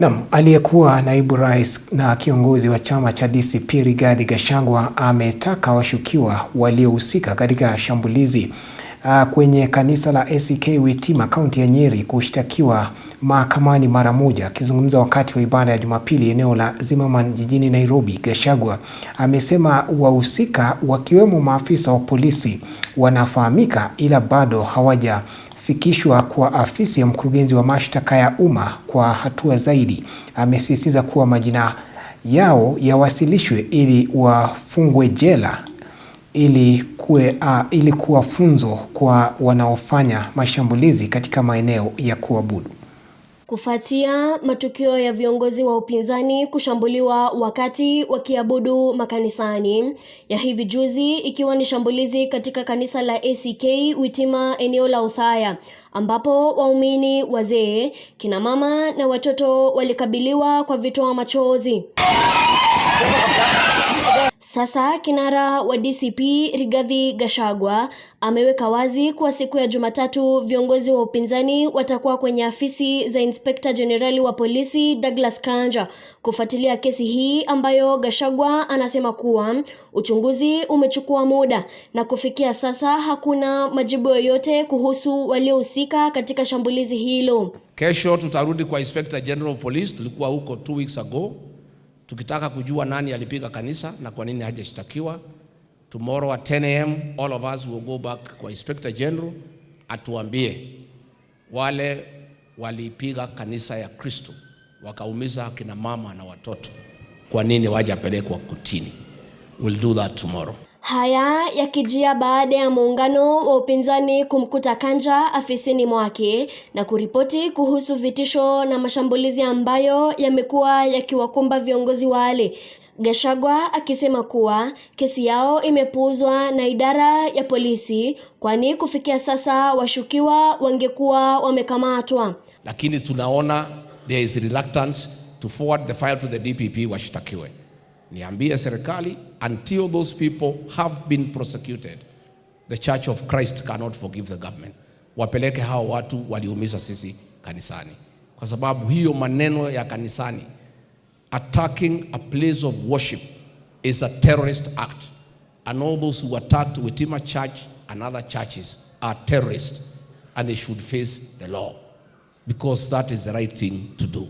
Naam, aliyekuwa naibu rais na kiongozi wa chama cha DCP Rigathi Gachagua ametaka washukiwa waliohusika katika shambulizi uh, kwenye kanisa la ACK e Witima kaunti ya Nyeri kushtakiwa mahakamani mara moja. Akizungumza wakati wa ibada ya Jumapili eneo la Zimmerman jijini Nairobi, Gachagua amesema wahusika wakiwemo maafisa wa polisi wanafahamika ila bado hawaja kufikishwa kwa afisi ya mkurugenzi wa mashtaka ya umma kwa hatua zaidi. Amesisitiza kuwa majina yao yawasilishwe ili wafungwe jela ili kuwe, ili kuwa funzo kwa wanaofanya mashambulizi katika maeneo ya kuabudu kufuatia matukio ya viongozi wa upinzani kushambuliwa wakati wakiabudu makanisani ya hivi juzi, ikiwa ni shambulizi katika kanisa la ACK Witima eneo la Uthaya, ambapo waumini, wazee, kina mama na watoto walikabiliwa kwa vitoa machozi. Sasa kinara wa DCP Rigathi Gachagua ameweka wazi kuwa siku ya Jumatatu viongozi wa upinzani watakuwa kwenye afisi za Inspekta Jenerali wa polisi Douglas Kanja kufuatilia kesi hii ambayo Gachagua anasema kuwa uchunguzi umechukua muda na kufikia sasa hakuna majibu yoyote kuhusu waliohusika katika shambulizi hilo. Kesho tutarudi kwa Inspekta General of Police, tulikuwa huko two weeks ago. Tukitaka kujua nani alipiga kanisa na kwa nini hajashtakiwa, tomorrow at 10 am all of us will go back kwa Inspector General atuambie wale walipiga kanisa ya Kristo wakaumiza kina mama na watoto, kwa nini wajapelekwa kutini? We'll do that tomorrow. Haya yakijia baada ya muungano wa upinzani kumkuta Kanja afisini mwake na kuripoti kuhusu vitisho na mashambulizi ambayo yamekuwa yakiwakumba viongozi wale. Gashagwa akisema kuwa kesi yao imepuuzwa na idara ya polisi kwani kufikia sasa washukiwa wangekuwa wamekamatwa. Lakini tunaona there is reluctance to forward the file to the DPP washtakiwe niambie serikali, until those people have been prosecuted the church of Christ cannot forgive the government. Wapeleke hao watu waliumiza sisi kanisani, kwa sababu hiyo maneno ya kanisani, attacking a place of worship is a terrorist act and all those who attacked Witima Church and other churches are terrorists and they should face the law because that is the right thing to do.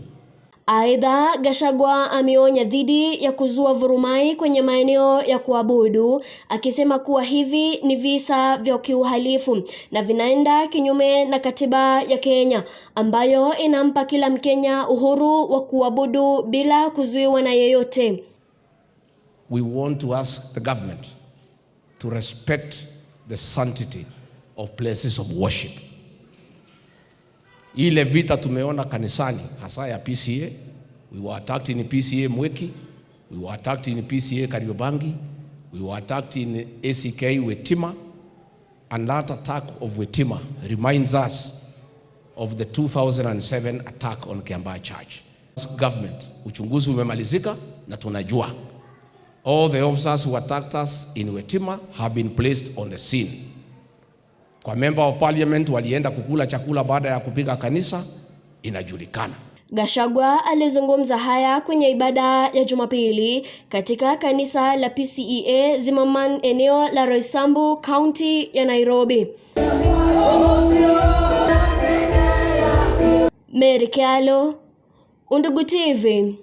Aidha, Gachagua ameonya dhidi ya kuzua vurumai kwenye maeneo ya kuabudu, akisema kuwa hivi ni visa vya kiuhalifu na vinaenda kinyume na katiba ya Kenya ambayo inampa kila Mkenya uhuru wa kuabudu bila kuzuiwa na yeyote. We want to ask the government to respect the sanctity of places of worship. Ile vita tumeona kanisani hasa ya PCA, we were attacked in PCA Mweki, we were attacked in PCA Kariobangi, we were attacked in ACK Wetima, and that attack of Wetima reminds us of the 2007 attack on Kiambaa Church. Government, uchunguzi umemalizika na tunajua all the officers who attacked us in Wetima have been placed on the scene kwa member of parliament walienda kukula chakula baada ya kupiga kanisa inajulikana. Gachagua alizungumza haya kwenye ibada ya Jumapili katika kanisa la PCEA Zimmerman eneo la Roysambu kaunti ya Nairobi. Mary Kyallo, Undugu TV.